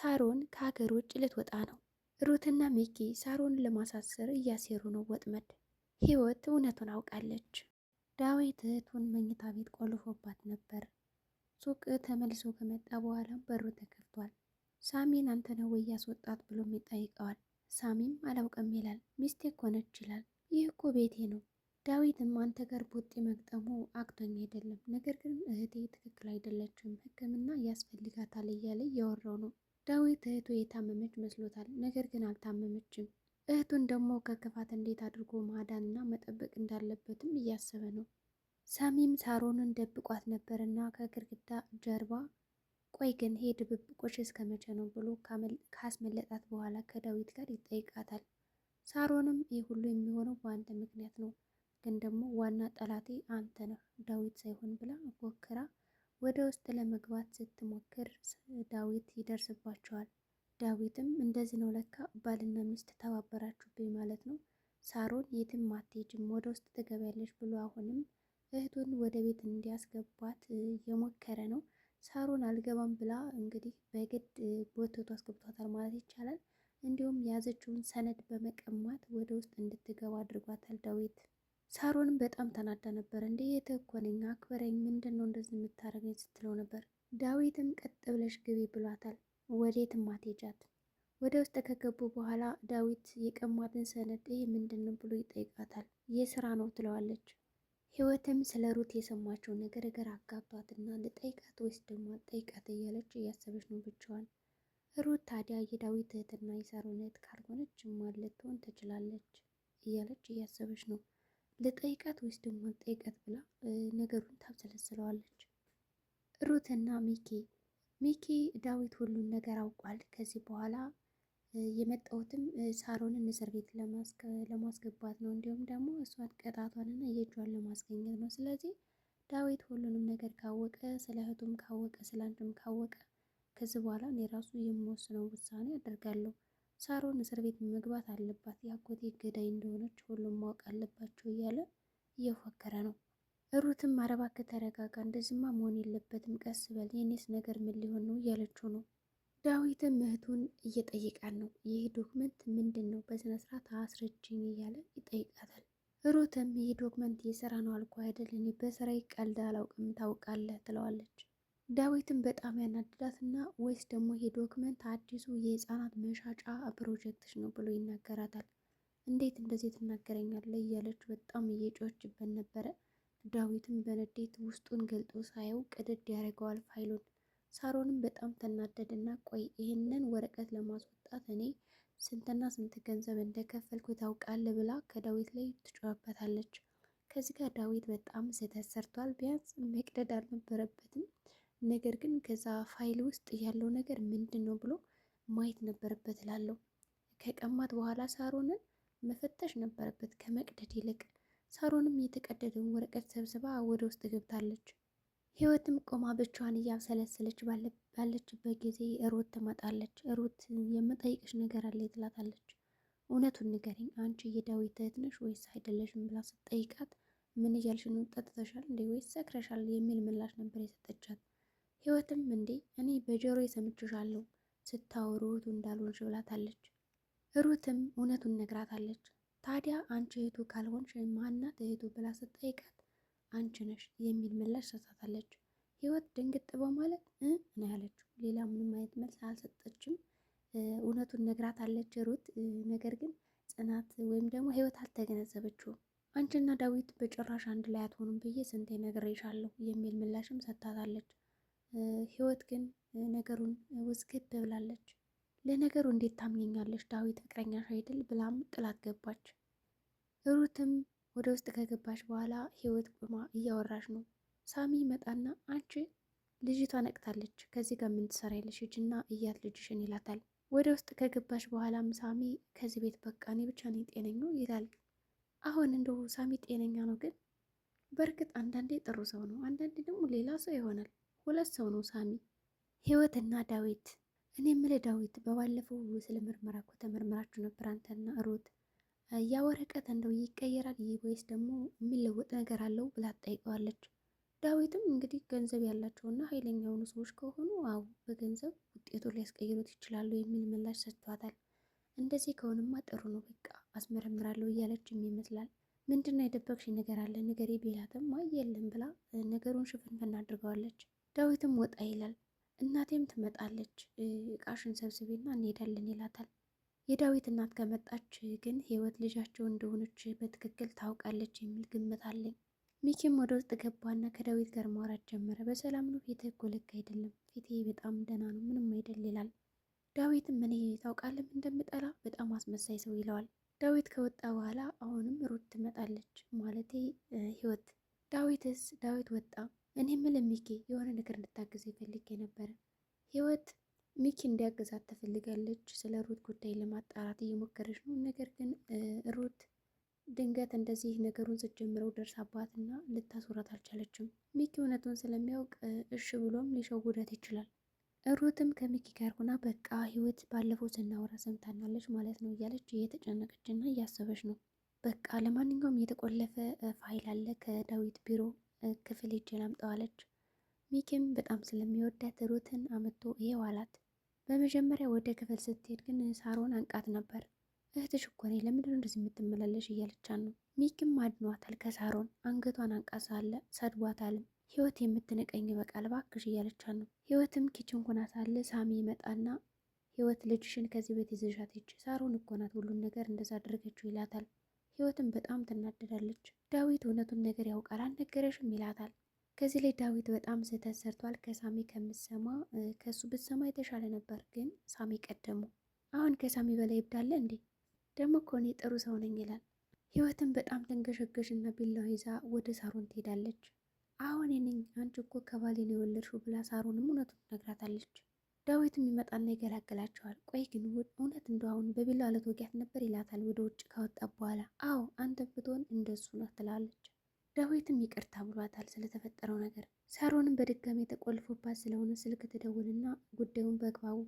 ሳሮን ከሀገር ውጭ ልትወጣ ነው። ሩትና ሚኪ ሳሮንን ለማሳሰር እያሴሩ ነው ወጥመድ። ህይወት እውነቱን አውቃለች። ዳዊት እህቱን መኝታ ቤት ቆልፎባት ነበር። ሱቅ ተመልሶ ከመጣ በኋላ በሩ ተከፍቷል። ሳሚን አንተ ነው ወይ ያስወጣት ብሎም ይጠይቀዋል። ሳሚም አላውቅም ይላል። ሚስቴክ ሆነች ይችላል። ይህ እኮ ቤቴ ነው። ዳዊትም አንተ ጋር ቦጤ መግጠሙ አቅቶኝ አይደለም፣ ነገር ግን እህቴ ትክክል አይደለችም፣ ሕክምና ያስፈልጋታል እያለ እያወራው ነው። ዳዊት እህቱ የታመመች መስሎታል። ነገር ግን አልታመመችም። እህቱን ደግሞ ከክፋት እንዴት አድርጎ ማዳንና መጠበቅ እንዳለበትም እያሰበ ነው። ሳሚም ሳሮንን ደብቋት ነበርና ከግድግዳ ጀርባ ቆይ ግን ይሄ ድብብቆሽ እስከ መቼ ነው ብሎ ካስመለጣት በኋላ ከዳዊት ጋር ይጠይቃታል። ሳሮንም ይህ ሁሉ የሚሆነው በአንተ ምክንያት ነው፣ ግን ደግሞ ዋና ጠላቴ አንተ ነህ ዳዊት ሳይሆን ብላ ሞክራ ወደ ውስጥ ለመግባት ስትሞክር ዳዊት ይደርስባቸዋል። ዳዊትም እንደዚህ ነው ለካ ባልና ሚስት ተባበራችሁብኝ ማለት ነው፣ ሳሮን የትም አትሄጂም ወደ ውስጥ ትገባለች ብሎ አሁንም እህቱን ወደ ቤት እንዲያስገባት የሞከረ ነው። ሳሮን አልገባም ብላ እንግዲህ በግድ ጎትቶ አስገብቷታል ማለት ይቻላል። እንዲሁም የያዘችውን ሰነድ በመቀማት ወደ ውስጥ እንድትገባ አድርጓታል ዳዊት። ሳሮንም በጣም ተናዳ ነበር። እንደ የተኮነኝ አክበረኝ፣ ምንድን ነው እንደዚህ የምታደርገኝ ስትለው ነበር። ዳዊትም ቀጥ ብለሽ ግቢ ብሏታል። ወዴት አትሄጃት። ወደ ውስጥ ከገቡ በኋላ ዳዊት የቀማትን ሰነድ ይህ ምንድን ነው ብሎ ይጠይቃታል። የስራ ነው ትለዋለች። ህይወትም ስለ ሩት የሰማቸው ነገር ገር አጋብቷትና ልጠይቃት ወይስ ደግሞ ጠይቃት እያለች እያሰበች ነው ብቻዋን። ሩት ታዲያ የዳዊት እህትና የሳሮን እህት ካልሆነች ማን ትችላለች እያለች እያሰበች ነው። ልጠይቃት ወይስ ደግሞ ልጠይቃት ብላ ነገሩን ታብሰለስለዋለች። ሩትና ሚኪ ሚኪ ዳዊት ሁሉን ነገር አውቋል። ከዚህ በኋላ የመጣሁትም ሳሮንን እስር ቤት ለማስገባት ነው፣ እንዲሁም ደግሞ እሷን ቅጣቷንና የእጇን ለማስገኘት ነው። ስለዚህ ዳዊት ሁሉንም ነገር ካወቀ፣ ስለ እህቱም ካወቀ፣ ስለ ካወቀ ከዚህ በኋላ እኔ ራሱ የምወስነው ውሳኔ አደርጋለሁ ሳሮን እስር ቤት መግባት አለባት፣ የአጎቴ ገዳይ እንደሆነች ሁሉም ማወቅ አለባቸው እያለ እየፎከረ ነው። ሩትም አረባክ ተረጋጋ፣ እንደዚህማ መሆን የለበትም፣ ቀስ በል፣ የኔስ ነገር ምን ሊሆን ነው እያለችው ነው። ዳዊትም እህቱን እየጠየቃት ነው። ይህ ዶክመንት ምንድን ነው? በስነ ስርዓት አስረጅኝ እያለ ይጠይቃታል። ሩትም ይህ ዶክመንት የስራ ነው አልኩ አይደል? እኔ በስራ ይቀልድ አላውቅም ታውቃለህ ትለዋለች። ዳዊትን በጣም ያናድዳት እና ወይስ ደግሞ ይሄ ዶክመንት አዲሱ የህፃናት መሻጫ ፕሮጀክትሽ ነው ብሎ ይናገራታል። እንዴት እንደዚህ ትናገረኛለህ እያለች በጣም እየጮችበት ነበረ። ዳዊትን በንዴት ውስጡን ገልጦ ሳየው ቅድድ ያደርገዋል ፋይሉን። ሳሮንም በጣም ተናደድ እና ቆይ ይህንን ወረቀት ለማስወጣት እኔ ስንትና ስንት ገንዘብ እንደከፈልኩ ታውቃለህ ብላ ከዳዊት ላይ ትጮህበታለች። ከዚህ ጋር ዳዊት በጣም ስህተት ሰርቷል። ቢያንስ መቅደድ አልነበረበትም። ነገር ግን ከዛ ፋይል ውስጥ ያለው ነገር ምንድን ነው ብሎ ማየት ነበረበት እላለሁ። ከቀማት በኋላ ሳሮንን መፈተሽ ነበረበት ከመቅደድ ይልቅ። ሳሮንም የተቀደደውን ወረቀት ሰብስባ ወደ ውስጥ ገብታለች። ህይወትም ቆማ ብቻዋን እያብሰለሰለች ባለችበት ጊዜ ሩት ትመጣለች። ሩት የምጠይቅሽ ነገር አለ ትላታለች። እውነቱን ንገሪኝ አንቺ የዳዊት እህት ነሽ ወይስ አይደለሽም ብላ ስትጠይቃት ምን እያልሽ ነው? ጠጥተሻል እንዴ ወይስ ሰክረሻል? የሚል ምላሽ ነበር የሰጠቻት። ህይወትም እንዴ እኔ በጆሮ ሰምቼሻለሁ ስታወሩ እህቱ እንዳልሆንሽ ብላታለች። ሩትም እውነቱን ነግራታለች። ታዲያ አንቺ እህቱ ካልሆንሽ ማናት እህቱ ብላ ስጠይቃት አንቺ ነሽ የሚል ምላሽ ሰጥታታለች። ህይወት ድንግጥ በማለት እ ነው ያለችው። ሌላ ምንም አይነት መልስ አልሰጠችም። እውነቱን ነግራታለች ሩት። ነገር ግን ጽናት ወይም ደግሞ ህይወት አልተገነዘበችውም። አንቺና ዳዊት በጭራሽ አንድ ላይ አትሆኑም ብዬ ስንቴ ነግሬሻለሁ የሚል ምላሽም ሰጥታታለች። ህይወት ግን ነገሩን ውዝግብ ብላለች። ለነገሩ እንዴት ታምኘኛለች ዳዊት ፍቅረኛሽ አይደል ብላም ጥላት ገባች። ሩትም ወደ ውስጥ ከገባች በኋላ ህይወት ቁማ እያወራች ነው። ሳሚ መጣና አንቺ ልጅቷ ነቅታለች፣ ከዚህ ጋር ምን ትሰሪያለሽ? ሂጂና እያት ልጅሽን ይላታል። ወደ ውስጥ ከገባች በኋላም ሳሚ ከዚህ ቤት በቃ እኔ ብቻ ነኝ ጤነኛው ይላል። አሁን እንደው ሳሚ ጤነኛ ነው፣ ግን በእርግጥ አንዳንዴ ጥሩ ሰው ነው፣ አንዳንዴ ደግሞ ሌላ ሰው ይሆናል። ሁለት ሰው ነው ሳሚ ህይወትና ዳዊት። እኔ የምልህ ዳዊት፣ በባለፈው ስለ ምርመራ እኮ ተመርምራችሁ ነበር አንተና ሩት። ያ ወረቀት እንደው ይቀየራል ይህ ወይስ ደግሞ የሚለወጥ ነገር አለው ብላ ትጠይቀዋለች። ዳዊትም እንግዲህ ገንዘብ ያላቸውና ኃይለኛ የሆኑ ሰዎች ከሆኑ አዎ በገንዘብ ውጤቱ ሊያስቀይሩት ይችላሉ የሚል ምላሽ ሰጥቷታል። እንደዚህ ከሆነማ ጥሩ ነው በቃ አስመረምራለሁ እያለችም ይመስላል። ምንድነው የደበቅሽ ነገር አለ ንገሪ ቢላትም አይ የለም ብላ ነገሩን ሽፍንፍን አድርገዋለች። ዳዊትም ወጣ ይላል። እናቴም ትመጣለች እቃሽን ሰብስቤና እንሄዳለን ይላታል። የዳዊት እናት ከመጣች ግን ህይወት ልጃቸው እንደሆነች በትክክል ታውቃለች የሚል ግምት አለኝ። ሚኪም ወደ ውስጥ ገባና ከዳዊት ጋር ማውራት ጀመረ። በሰላም ነው? ፊትህ እኮ ልክ አይደለም። ፊቴ በጣም ደህና ነው፣ ምንም አይደል ይላል። ዳዊትም እኔ ታውቃለም እንደምጠላ በጣም አስመሳይ ሰው ይለዋል። ዳዊት ከወጣ በኋላ አሁንም ሩት ትመጣለች ማለቴ ህይወት። ዳዊትስ ዳዊት ወጣ እኔ የምልህ ሚኪ የሆነ ነገር እንድታግዝ ይፈልግ የነበረ ህይወት ሚኪ እንዲያግዛት ትፈልጋለች። ስለ ሩት ጉዳይ ለማጣራት እየሞከረች ነው። ነገር ግን ሩት ድንገት እንደዚህ ነገሩን ስትጀምረው አባትና ልታስወራት አልቻለችም። ሚኪ እውነቱን ስለሚያውቅ እሽ ብሎም ሊሸውዳት ይችላል። ሩትም ከሚኪ ጋር ሆና በቃ ህይወት ባለፈው ስናወራ ሰምታናለች ማለት ነው እያለች እየተጨነቀችና እያሰበች ነው። በቃ ለማንኛውም የተቆለፈ ፋይል አለ ከዳዊት ቢሮ ክፍል ሄጄ ላምጣዋለች። ሚኪም በጣም ስለሚወዳት ሩትን አምጥቶ ይሄው አላት። በመጀመሪያ ወደ ክፍል ስትሄድ ግን ሳሮን አንቃት ነበር። እህትሽ እኮ ነኝ ለምንድነው እንደዚህ የምትመላለሽ እያለቻት ነው። ሚኪም አድኗታል ከሳሮን አንገቷን አንቃት ሳለ ሰድቧታልም። ህይወት የምትንቀኝ በቃል እባክሽ እያለቻት ነው። ህይወትም ኪችን ሆና ሳለ ሳሚ ይመጣና ህይወት ልጅሽን ከዚህ ቤት ይዘሻት ሂጂ፣ ሳሮን እኮ ናት ሁሉን ነገር እንደዛ አድርገችው ይላታል። ህይወትም በጣም ትናደዳለች። ዳዊት እውነቱን ነገር ያውቃል አልነገረሽም ይላታል። ከዚህ ላይ ዳዊት በጣም ስህተት ሰርቷል። ከሳሚ ከምሰማ ከሱ ብትሰማ የተሻለ ነበር፣ ግን ሳሚ ቀደሙ። አሁን ከሳሚ በላይ ይብዳለ እንዴ? ደግሞ እኮ እኔ ጥሩ ሰው ነኝ ይላል። ህይወትን በጣም ተንገሸገሽና ቢላዋ ይዛ ወደ ሳሮን ትሄዳለች። አሁን ነኝ አንቺ እኮ ከባሌ ነው የወለድሽው ብላ ሳሮንም እውነቱን ነግራታለች። ዳዊትም ይመጣና ይገላገላቸዋል። ቆይ ግን እውነት እንደው አሁን በቢላ አለት ወጊያት ነበር ይላታል። ወደ ውጭ ካወጣ በኋላ አዎ አንተ ብትሆን እንደሱ ነው ትላለች። ዳዊትም ይቅርታ ብሏታል ስለተፈጠረው ነገር። ሳሮንም በድጋሚ ተቆልፎባት ስለሆነ ስልክ ትደውልና ጉዳዩን በግባቡ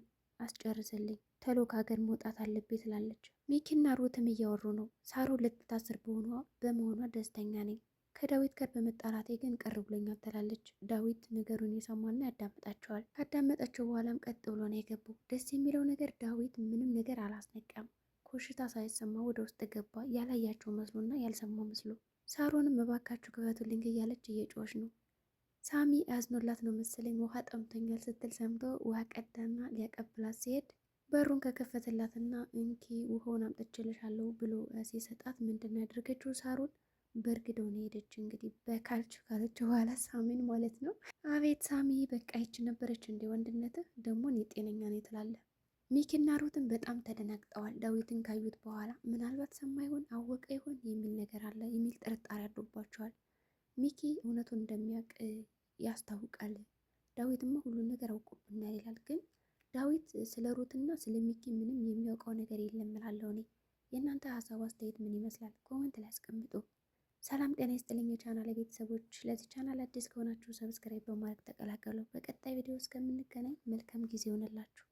አስጨርስልኝ ተሎ ከሀገር መውጣት አለብኝ ትላለች። ሚኪና ሩትም እያወሩ ነው። ሳሮ ልትታስር በሆኗ በመሆኗ ደስተኛ ነኝ ከዳዊት ጋር በመጣላቴ ግን ቅር ብሎኛል ትላለች። ዳዊት ነገሩን የሰማና ያዳምጣቸዋል። ካዳመጣቸው በኋላም ቀጥ ብሎ ነው የገቡ። ደስ የሚለው ነገር ዳዊት ምንም ነገር አላስነቀም። ኮሽታ ሳይሰማ ወደ ውስጥ ገባ፣ ያላያቸው መስሎና ያልሰማው መስሎ። ሳሮንም እባካችሁ ክፈቱልኝ እያለች እየጮች ነው። ሳሚ አዝኖላት ነው መሰለኝ ውሃ ጠምቶኛል ስትል ሰምቶ ውሃ ቀዳና ሊያቀብላት ሲሄድ በሩን ከከፈተላትና እንኪ ውሃውን አምጥቼልሻለሁ ብሎ ሲሰጣት ምንድን ያደርገችው ሳሮን በእርግደው ነው ሄደች። እንግዲህ በካልች ካለች በኋላ ሳሚን ማለት ነው። አቤት ሳሚ በቃ ይች ነበረች እንደ ወንድነት ደግሞ እኔ ጤነኛ ነው ትላለህ። ሚኪና ሩትን በጣም ተደናግጠዋል። ዳዊትን ካዩት በኋላ ምናልባት ሰማ ይሆን አወቀ ይሆን የሚል ነገር አለ የሚል ጥርጣሬ አድሮባቸዋል። ሚኪ እውነቱን እንደሚያውቅ ያስታውቃል። ዳዊትማ ሁሉን ነገር አውቆብናል ይላል። ግን ዳዊት ስለ ሩትና ስለ ሚኪ ምንም የሚያውቀው ነገር የለም እላለሁ እኔ። የእናንተ ሀሳብ አስተያየት ምን ይመስላል? ኮመንት ላይ አስቀምጡ። ሰላም ጤና ይስጥልኝ የቻናል ቤተሰቦች፣ ለዚህ ቻናል አዲስ ከሆናችሁ ሰብስክራይብ በማድረግ ተቀላቀሉ። በቀጣይ ቪዲዮ እስከምንገናኝ መልካም ጊዜ ይሆንላችሁ።